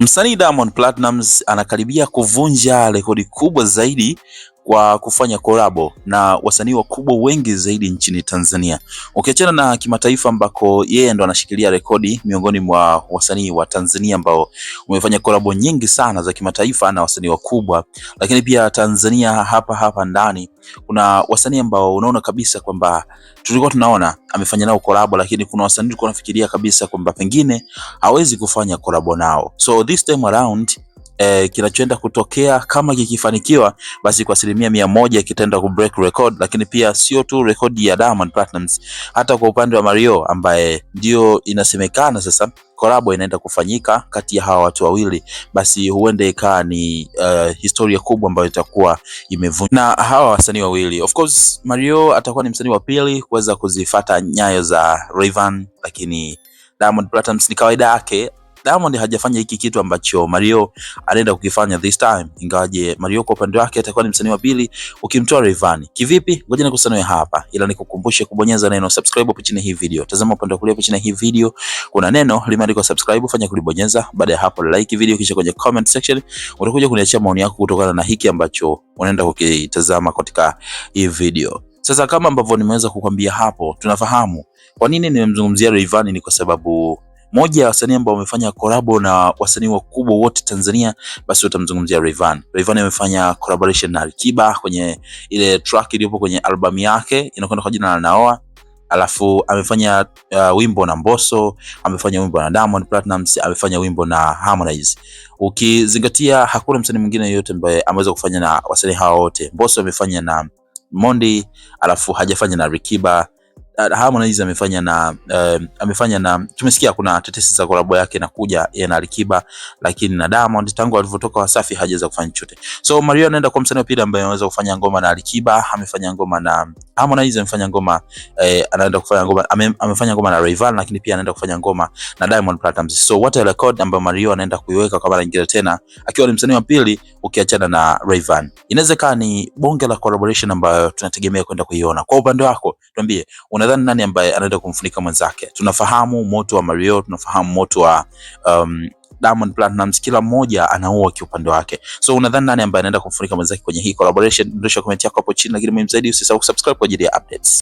Msanii Diamond Platnumz anakaribia kuvunja rekodi kubwa zaidi kwa kufanya kolabo na wasanii wakubwa wengi zaidi nchini Tanzania, ukiachana na kimataifa ambako yeye ndo anashikilia rekodi miongoni mwa wasanii wa Tanzania ambao umefanya kolabo nyingi sana za kimataifa na wasanii wakubwa. Lakini pia Tanzania hapa hapa ndani kuna wasanii ambao unaona kabisa kwamba tulikuwa tunaona amefanya nao kolabo, lakini kuna wasanii tulikuwa tunafikiria kabisa kwamba pengine hawezi kufanya kolabo nao, so this time around eh, kinachoenda kutokea kama kikifanikiwa, basi kwa asilimia mia moja kitaenda ku break record, lakini pia sio tu rekodi ya Diamond Platnumz, hata kwa upande wa Mario ambaye ndio inasemekana sasa kolabo inaenda kufanyika kati ya hawa watu wawili, basi huenda ikawa ni uh, historia kubwa ambayo itakuwa imevunja na hawa wasanii wawili. Of course Mario atakuwa ni msanii wa pili kuweza kuzifata nyayo za Rayvanny, lakini Diamond Platnumz ni kawaida yake Diamond hajafanya hiki kitu ambacho Mario anaenda kukifanya this time, ingawaje Mario kwa upande wake atakuwa ni msanii wa pili ukimtoa Rayvanny. Kivipi? Ngoja nikusanue hapa, ila nikukumbushe kubonyeza neno subscribe hapo chini hii video. Tazama upande wa kulia chini hii video kuna neno limeandikwa subscribe, fanya kulibonyeza. Baada ya hapo like video, kisha kwenye comment section utakuja kuniachia maoni yako kutokana na hiki ambacho unaenda kukitazama katika hii video. Sasa kama ambavyo nimeweza kukwambia hapo, tunafahamu kwa nini nimemzungumzia Rayvanny ni kwa sababu moja ya wasanii ambao wamefanya collabo na wasanii wakubwa wote Tanzania, basi utamzungumzia Rayvanny. Rayvanny amefanya collaboration na Alikiba kwenye ile track iliyopo kwenye albamu yake inakwenda kwa jina la Naoa. Alafu amefanya uh, wimbo na Mbosso, amefanya wimbo na Diamond Platnumz, amefanya wimbo na Harmonize. Ukizingatia hakuna msanii mwingine yoyote ambaye ameweza kufanya na wasanii hawa wote. Mbosso amefanya na Mondi, alafu hajafanya na Rikiba Uh, Harmonize amefanya na uh, amefanya na tumesikia kuna tetesi za kolabo yake inakuja yeye na Alikiba, lakini na Diamond tangu alivyotoka Wasafi hajaweza kufanya chochote. So Mario anaenda kwa msanii wa pili ambaye anaweza kufanya ngoma na Alikiba, amefanya ngoma na Harmonize, amefanya ngoma eh, anaenda kufanya ngoma ame, amefanya ngoma na Rayvanny, lakini pia anaenda kufanya ngoma na Diamond Platnumz. So what a record ambayo Mario anaenda kuiweka kwa mara nyingine tena akiwa ni msanii wa pili ukiachana na Rayvanny. Inawezekana ni bonge la collaboration ambayo tunategemea kwenda kuiona. Kwa upande wako tuambie una unadhani nani ambaye anaenda kumfunika mwenzake? Tunafahamu moto wa Mario, tunafahamu moto wa um, Diamond Platnumz, kila mmoja anaua kiupande wake. So unadhani nani ambaye anaenda kumfunika mwenzake kwenye hii collaboration? Ndosha comment yako hapo chini, lakini muhimu zaidi usisahau kusubscribe kwa ajili ya updates.